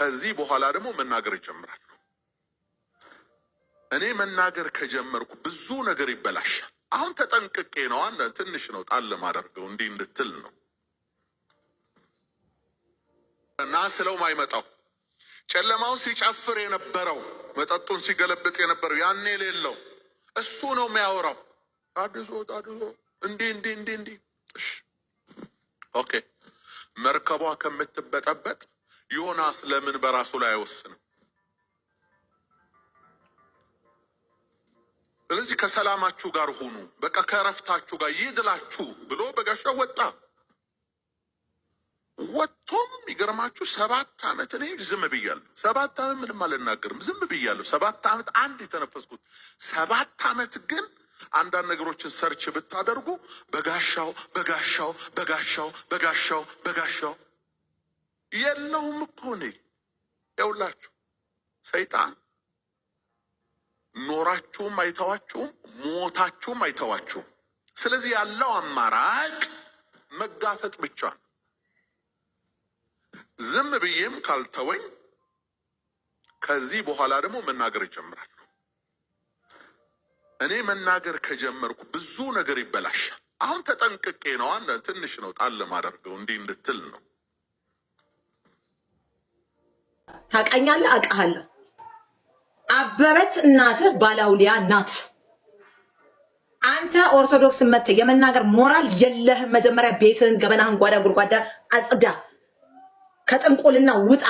ከዚህ በኋላ ደግሞ መናገር ይጀምራል። እኔ መናገር ከጀመርኩ ብዙ ነገር ይበላሻል። አሁን ተጠንቅቄ ነው። ትንሽ ነው ጣል ለማደርገው እንዲህ እንድትል ነው እና ስለው ማይመጣው ጨለማውን ሲጨፍር የነበረው መጠጡን ሲገለብጥ የነበረው ያኔ የሌለው እሱ ነው የሚያወራው። ታድሶ ታድሶ እንዲህ እንዲህ እንዲህ እንዲህ ኦኬ መርከቧ ከምትበጠበጥ ዮናስ ለምን በራሱ ላይ አይወስንም? ስለዚህ ከሰላማችሁ ጋር ሁኑ፣ በቃ ከእረፍታችሁ ጋር ይድላችሁ ብሎ በጋሻው ወጣ። ወጥቶም ይገርማችሁ ሰባት ዓመት እኔ ዝም ብያለሁ። ሰባት ዓመት ምንም አልናገርም፣ ዝም ብያለሁ። ሰባት ዓመት አንድ የተነፈስኩት ሰባት ዓመት ግን አንዳንድ ነገሮችን ሰርች ብታደርጉ በጋሻው በጋሻው በጋሻው በጋሻው በጋሻው የለውም እኮ እኔ ያውላችሁ ሰይጣን ኖራችሁም አይተዋችሁም፣ ሞታችሁም አይተዋችሁም። ስለዚህ ያለው አማራጭ መጋፈጥ ብቻ። ዝም ብዬም ካልተወኝ ከዚህ በኋላ ደግሞ መናገር ይጀምራሉ። እኔ መናገር ከጀመርኩ ብዙ ነገር ይበላሻል። አሁን ተጠንቅቄ ነው። አንድ ትንሽ ነው ጣል ማደርገው እንዲህ እንድትል ነው ታውቃኛለህ፣ አውቃሃለሁ። አበበች እናትህ ባላውሊያ ናት። አንተ ኦርቶዶክስ መተህ የመናገር ሞራል የለህም። መጀመሪያ ቤትህን፣ ገበናህን፣ ጓዳ ጉድጓዳ አጽዳ፣ ከጥንቆልና ውጣ።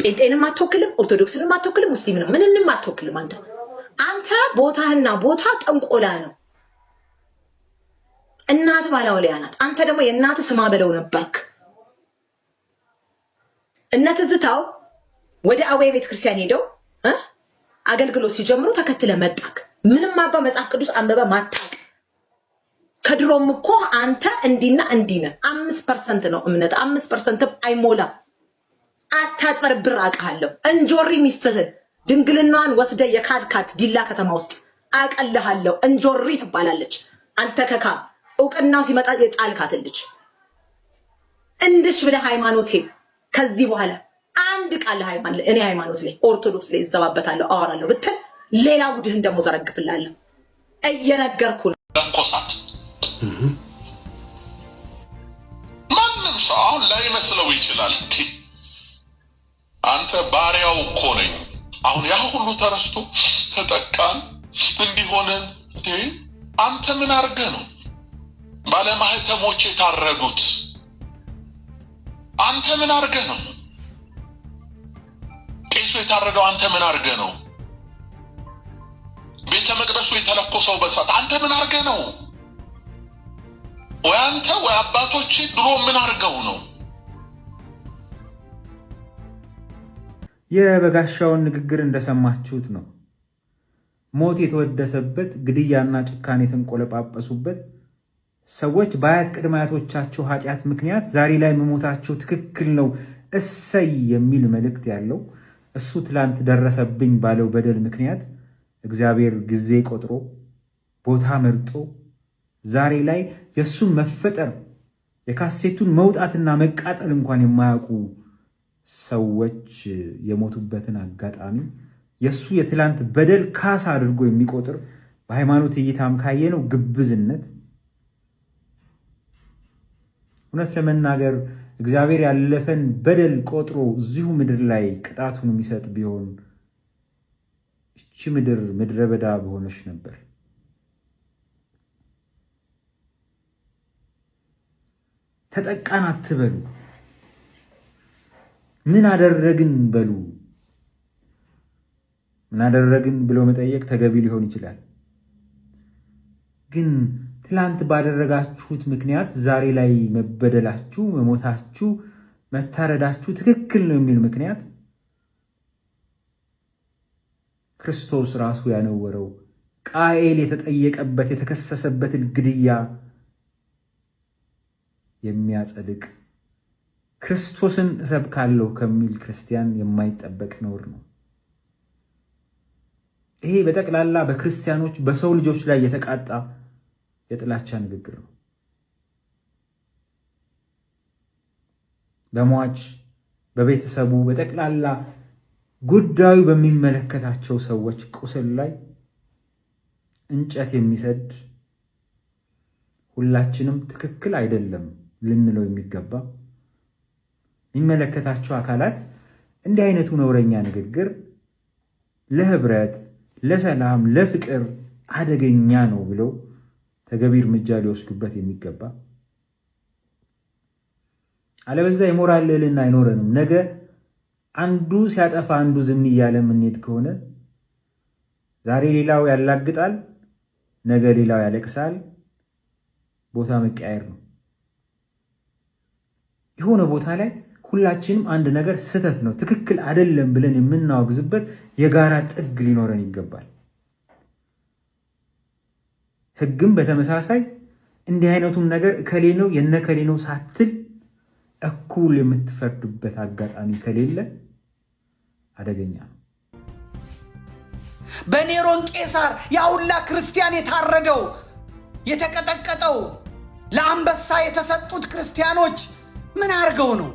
ጴንጤንም አትወክልም፣ ኦርቶዶክስንም አትወክልም፣ ሙስሊምንም ምንንም አትወክልም። አንተ አንተ ቦታህና ቦታ ጥንቆላ ነው። እናት ባላውሊያ ናት። አንተ ደግሞ የእናት ስማ በለው ነበርክ። እነ ትዝታው ወደ አወይ ቤተክርስቲያን ሄደው አገልግሎት ሲጀምሩ ተከትለ መጣክ። ምንም አባ መጽሐፍ ቅዱስ አንበበ ማታቅ። ከድሮም እኮ አንተ እንዲና እንዲነ አምስት ፐርሰንት ነው እምነት አምስት ፐርሰንትም አይሞላም። አታጭበርብር አውቃለሁ። እንጆሪ ሚስትህን ድንግልናዋን ወስደ የካድካት ዲላ ከተማ ውስጥ አቀልሃለሁ። እንጆሪ ትባላለች። አንተ ከካ እውቅናው ሲመጣ የጣልካት ልጅ እንድሽ ብለ ሃይማኖቴ ከዚህ በኋላ አንድ ቃል እኔ ሃይማኖት ላይ ኦርቶዶክስ ላይ ይዘባበታለሁ አወራለሁ ብትል ሌላ ቡድህን ደግሞ ዘረግፍላለሁ። እየነገርኩ ነው። ለኮሳት ማንም ሰው አሁን ላይመስለው ይችላል። አንተ ባሪያው እኮ ነኝ። አሁን ያ ሁሉ ተረስቶ ተጠቃን እንዲሆነን አንተ ምን አድርገህ ነው ባለማህተሞች የታረዱት? አንተ ምን አርገ ነው ቄሱ የታረደው? አንተ ምን አርገ ነው ቤተ መቅደሱ የተለኮሰው በሳት? አንተ ምን አርገ ነው? ወይ አንተ ወይ አባቶች ድሮ ምን አድርገው ነው? የበጋሻውን ንግግር እንደሰማችሁት ነው። ሞት የተወደሰበት፣ ግድያና ጭካኔ የተንቆለጳጰሱበት ሰዎች በአያት ቅድመ አያቶቻችሁ ኃጢአት ምክንያት ዛሬ ላይ መሞታቸው ትክክል ነው እሰይ የሚል መልእክት ያለው እሱ ትላንት ደረሰብኝ ባለው በደል ምክንያት እግዚአብሔር ጊዜ ቆጥሮ ቦታ መርጦ ዛሬ ላይ የእሱን መፈጠር የካሴቱን መውጣትና መቃጠል እንኳን የማያውቁ ሰዎች የሞቱበትን አጋጣሚ የእሱ የትላንት በደል ካሳ አድርጎ የሚቆጥር በሃይማኖት እይታም ካየነው ግብዝነት እውነት ለመናገር እግዚአብሔር ያለፈን በደል ቆጥሮ እዚሁ ምድር ላይ ቅጣቱን የሚሰጥ ቢሆን እቺ ምድር ምድረ በዳ በሆነች ነበር። ተጠቃን አትበሉ፣ ምን አደረግን በሉ። ምን አደረግን ብሎ መጠየቅ ተገቢ ሊሆን ይችላል ግን ትላንት ባደረጋችሁት ምክንያት ዛሬ ላይ መበደላችሁ፣ መሞታችሁ፣ መታረዳችሁ ትክክል ነው የሚል ምክንያት ክርስቶስ ራሱ ያነወረው ቃኤል የተጠየቀበት የተከሰሰበትን ግድያ የሚያጸድቅ ክርስቶስን እሰብካለሁ ከሚል ክርስቲያን የማይጠበቅ ነውር ነው። ይሄ በጠቅላላ በክርስቲያኖች በሰው ልጆች ላይ የተቃጣ የጥላቻ ንግግር ነው። ለሟች በቤተሰቡ በጠቅላላ ጉዳዩ በሚመለከታቸው ሰዎች ቁስል ላይ እንጨት የሚሰድ ሁላችንም ትክክል አይደለም ልንለው የሚገባ የሚመለከታቸው አካላት እንዲህ አይነቱ ነውረኛ ንግግር ለህብረት፣ ለሰላም፣ ለፍቅር አደገኛ ነው ብለው ተገቢ እርምጃ ሊወስዱበት የሚገባ አለበዛ የሞራል ልዕልና አይኖረንም። ነገ አንዱ ሲያጠፋ አንዱ ዝም እያለ የምንሄድ ከሆነ ዛሬ ሌላው ያላግጣል፣ ነገ ሌላው ያለቅሳል። ቦታ መቀያየር ነው። የሆነ ቦታ ላይ ሁላችንም አንድ ነገር ስህተት ነው፣ ትክክል አይደለም ብለን የምናወግዝበት የጋራ ጥግ ሊኖረን ይገባል። ህግም በተመሳሳይ እንዲህ አይነቱም ነገር እከሌ ነው የነከሌ ነው ሳትል እኩል የምትፈርዱበት አጋጣሚ ከሌለ አደገኛ ነው። በኔሮን ቄሳር ያ ክርስቲያን የታረደው የተቀጠቀጠው ለአንበሳ የተሰጡት ክርስቲያኖች ምን አድርገው ነው?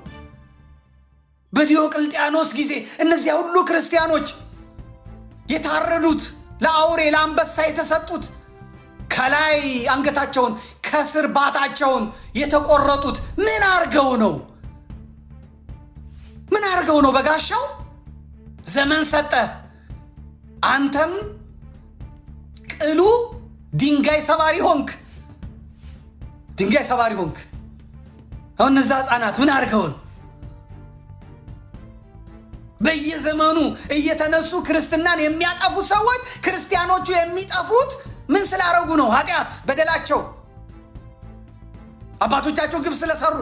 በዲዮቅልጥያኖስ ጊዜ እነዚያ ሁሉ ክርስቲያኖች የታረዱት ለአውሬ ለአንበሳ የተሰጡት ከላይ አንገታቸውን ከስር ባታቸውን የተቆረጡት ምን አርገው ነው? ምን አርገው ነው? በጋሻው ዘመን ሰጠ፣ አንተም ቅሉ ድንጋይ ሰባሪ ሆንክ። ድንጋይ ሰባሪ ሆንክ። አሁን እነዛ ህፃናት ምን አርገው ነው? በየዘመኑ እየተነሱ ክርስትናን የሚያጠፉት ሰዎች ክርስቲያኖቹ የሚጠፉት ምን ስላረጉ ነው? ኃጢአት በደላቸው፣ አባቶቻቸው ግብ ስለሰሩ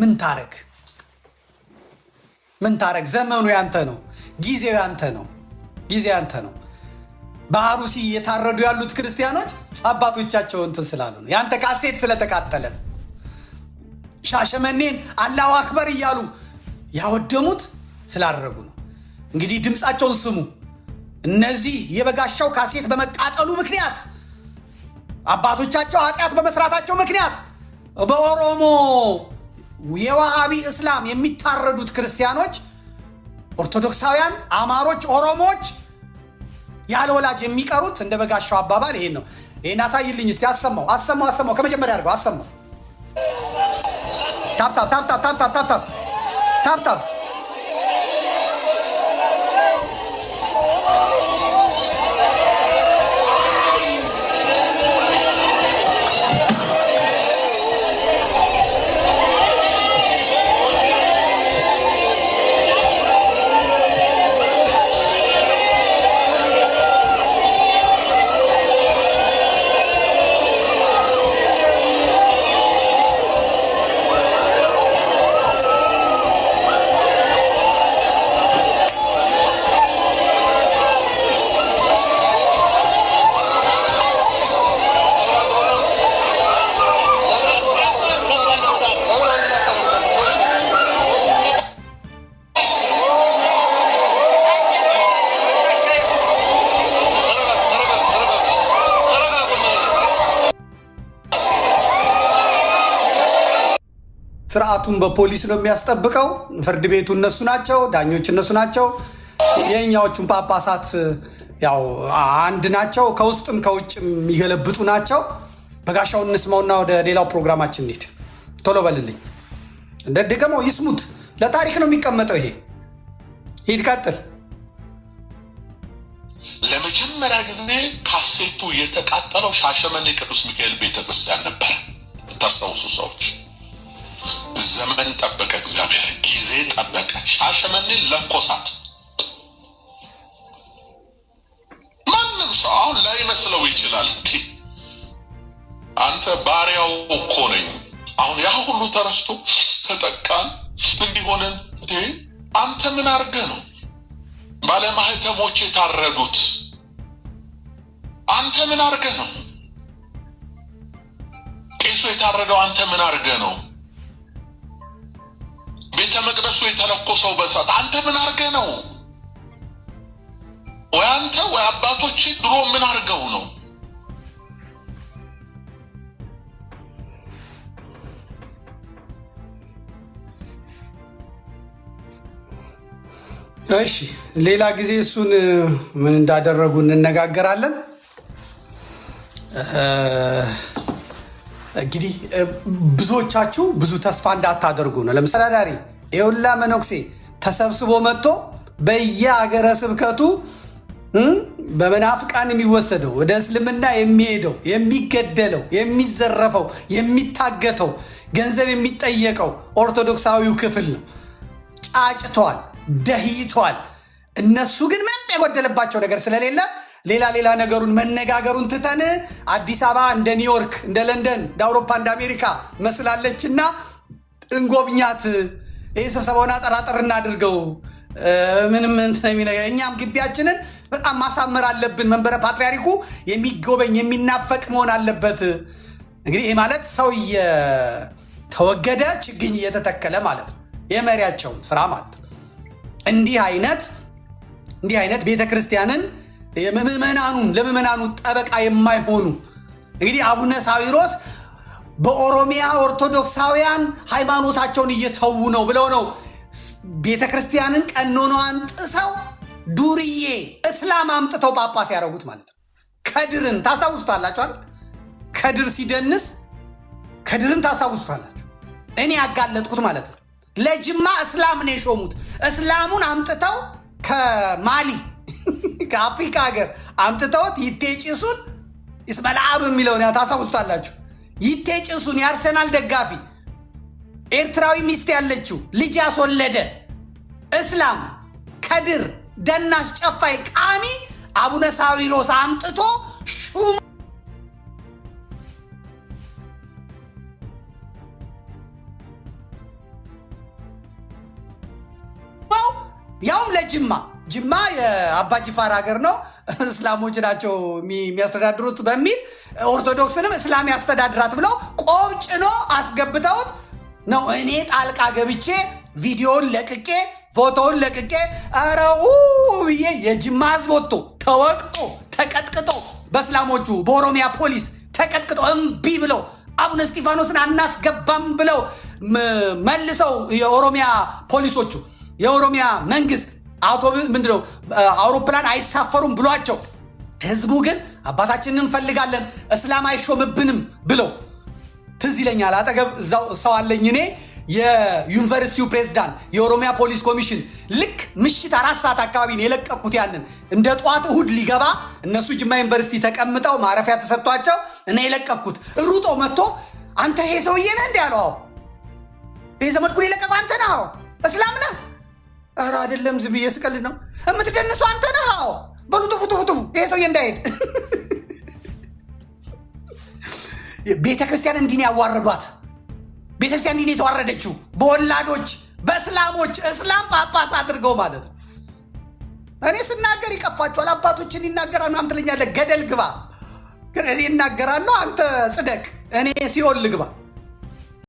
ምን ታረግ ምን ታረግ? ዘመኑ ያንተ ነው። ጊዜው ያንተ ነው። ጊዜ ያንተ ነው። በአሩሲ እየታረዱ ያሉት ክርስቲያኖች አባቶቻቸው እንትን ስላሉ ነው። ያንተ ካሴት ስለተቃጠለ ነው። ሻሸመኔን አላሁ አክበር እያሉ ያወደሙት ስላደረጉ ነው። እንግዲህ ድምፃቸውን ስሙ። እነዚህ የበጋሻው ካሴት በመቃጠሉ ምክንያት አባቶቻቸው ኃጢአት በመስራታቸው ምክንያት በኦሮሞ የዋሃቢ እስላም የሚታረዱት ክርስቲያኖች፣ ኦርቶዶክሳውያን፣ አማሮች፣ ኦሮሞዎች ያለ ወላጅ የሚቀሩት እንደ በጋሻው አባባል ይሄን ነው። ይህን አሳይልኝ እስቲ። አሰማው አሰማው አሰማው ከመጀመሪያ አድርገው አሰማው 답답 답답 답답 답답 답답 ስርዓቱን በፖሊስ ነው የሚያስጠብቀው። ፍርድ ቤቱ እነሱ ናቸው፣ ዳኞች እነሱ ናቸው። የእኛዎቹን ጳጳሳት ያው አንድ ናቸው፣ ከውስጥም ከውጭም የሚገለብጡ ናቸው። በጋሻው እንስማውና ወደ ሌላው ፕሮግራማችን እንሂድ። ቶሎ በልልኝ እንደ ድገመው ይስሙት። ለታሪክ ነው የሚቀመጠው ይሄ። ሂድ ቀጥል። ለመጀመሪያ ጊዜ ካሴቱ የተቃጠለው ሻሸመኔ ቅዱስ ሚካኤል ቤተክርስቲያን ነበር። የምታስታውሱ ሰዎች ዘመን ጠበቀ፣ እግዚአብሔር ጊዜ ጠበቀ። ሻሸመኔን ለኮሳት። ማንም ሰው አሁን ላይመስለው ይችላል። አንተ ባሪያው እኮ ነኝ። አሁን ያ ሁሉ ተረስቶ ተጠቃን እንዲሆነን አንተ ምን አድርገ ነው ባለማህተሞች የታረዱት? አንተ ምን አድርገ ነው ቄሱ የታረደው? አንተ ምን አድርገ ነው መቅደሱ የተለኮሰው በእሳት አንተ ምን አርገ ነው? ወይ አንተ ወይ አባቶች ድሮ ምን አድርገው ነው? እሺ ሌላ ጊዜ እሱን ምን እንዳደረጉ እንነጋገራለን። እንግዲህ ብዙዎቻችሁ ብዙ ተስፋ እንዳታደርጉ ነው። ለምሳሌ የሁላ መነኩሴ ተሰብስቦ መጥቶ በየአገረ ስብከቱ በመናፍቃን የሚወሰደው ወደ እስልምና የሚሄደው የሚገደለው፣ የሚዘረፈው፣ የሚታገተው፣ ገንዘብ የሚጠየቀው ኦርቶዶክሳዊው ክፍል ነው። ጫጭቷል፣ ደህይቷል። እነሱ ግን ምንም የጎደለባቸው ነገር ስለሌለ ሌላ ሌላ ነገሩን መነጋገሩን ትተን አዲስ አበባ እንደ ኒውዮርክ፣ እንደ ለንደን፣ እንደ አውሮፓ፣ እንደ አሜሪካ መስላለችና እንጎብኛት ይህ ስብሰባውን አጠራጠር እናድርገው። ምንም እኛም ግቢያችንን በጣም ማሳመር አለብን። መንበረ ፓትርያርኩ የሚጎበኝ የሚናፈቅ መሆን አለበት። እንግዲህ ይህ ማለት ሰው እየተወገደ ችግኝ እየተተከለ ማለት ነው። የመሪያቸው ስራ ማለት እንዲህ አይነት እንዲህ አይነት ቤተ ክርስቲያንን ምዕመናኑን ለምዕመናኑ ጠበቃ የማይሆኑ እንግዲህ አቡነ ሳዊሮስ በኦሮሚያ ኦርቶዶክሳውያን ሃይማኖታቸውን እየተዉ ነው ብለው ነው ቤተ ክርስቲያንን ቀኖኗን ጥሰው ዱርዬ እስላም አምጥተው ጳጳስ ያደረጉት ማለት ነው። ከድርን ታስታውሱታላችኋል። ከድር ሲደንስ ከድርን ታስታውሱታላችሁ። እኔ ያጋለጥኩት ማለት ነው። ለጅማ እስላም ነው የሾሙት። እስላሙን አምጥተው ከማሊ ከአፍሪካ ሀገር አምጥተውት ይቴጭሱን ጭሱን ይስመልአብ የሚለውን ታስታውሱታላችሁ። ይቴ ጭሱን የአርሰናል ደጋፊ ኤርትራዊ ሚስት ያለችው ልጅ ያስወለደ እስላም ከድር ደናስ ጨፋይ ቃሚ አቡነ ሳዊሮስ አምጥቶ ሹም ያውም ለጅማ ጅማ የአባጅፋር ሀገር ነው፣ እስላሞች ናቸው የሚያስተዳድሩት በሚል ኦርቶዶክስንም እስላም ያስተዳድራት ብለው ቆብጭኖ አስገብተውት ነው። እኔ ጣልቃ ገብቼ ቪዲዮውን ለቅቄ ፎቶውን ለቅቄ ረው ብዬ የጅማ ህዝብ ወጥቶ ተወቅጦ ተቀጥቅጦ በእስላሞቹ በኦሮሚያ ፖሊስ ተቀጥቅጦ እምቢ ብለው አቡነ እስጢፋኖስን አናስገባም ብለው መልሰው የኦሮሚያ ፖሊሶቹ የኦሮሚያ መንግስት አቶ ምንድነው አውሮፕላን አይሳፈሩም ብሏቸው፣ ህዝቡ ግን አባታችንን እንፈልጋለን እስላም አይሾምብንም ብለው ትዝ ይለኛል። አጠገብ እዛው ሰው አለኝ እኔ የዩኒቨርሲቲው ፕሬዝዳንት የኦሮሚያ ፖሊስ ኮሚሽን ልክ ምሽት አራት ሰዓት አካባቢ ነው የለቀቁት ያንን እንደ ጠዋት እሁድ ሊገባ እነሱ ጅማ ዩኒቨርሲቲ ተቀምጠው ማረፊያ ተሰጥቷቸው እና የለቀቅኩት ሩጦ መጥቶ አንተ ይሄ ሰውዬ ነህ እንዲ ያለው ይሄ ዘመድኩን የለቀቁ አንተ ነህ እስላም ነህ ኧረ አይደለም፣ ዝም ብዬ ስቀልድ ነው። የምትደንሱ አንተ ነህ። አዎ በሉ ጥፉ፣ ጥፉ፣ ጥፉ። ይሄ ሰውዬ እንዳይሄድ ቤተ ክርስቲያን እንዲህ ያዋረዷት። ቤተ ክርስቲያን እንዲህ የተዋረደችው በወላዶች በእስላሞች እስላም ጳጳስ አድርገው ማለት ነው። እኔ ስናገር ይቀፋቸዋል። አባቶችን ይናገራል ምናምን ትለኛለህ። ገደል ግባ። እኔ እናገራለሁ፣ አንተ ጽደቅ፣ እኔ ሲኦል ልግባ።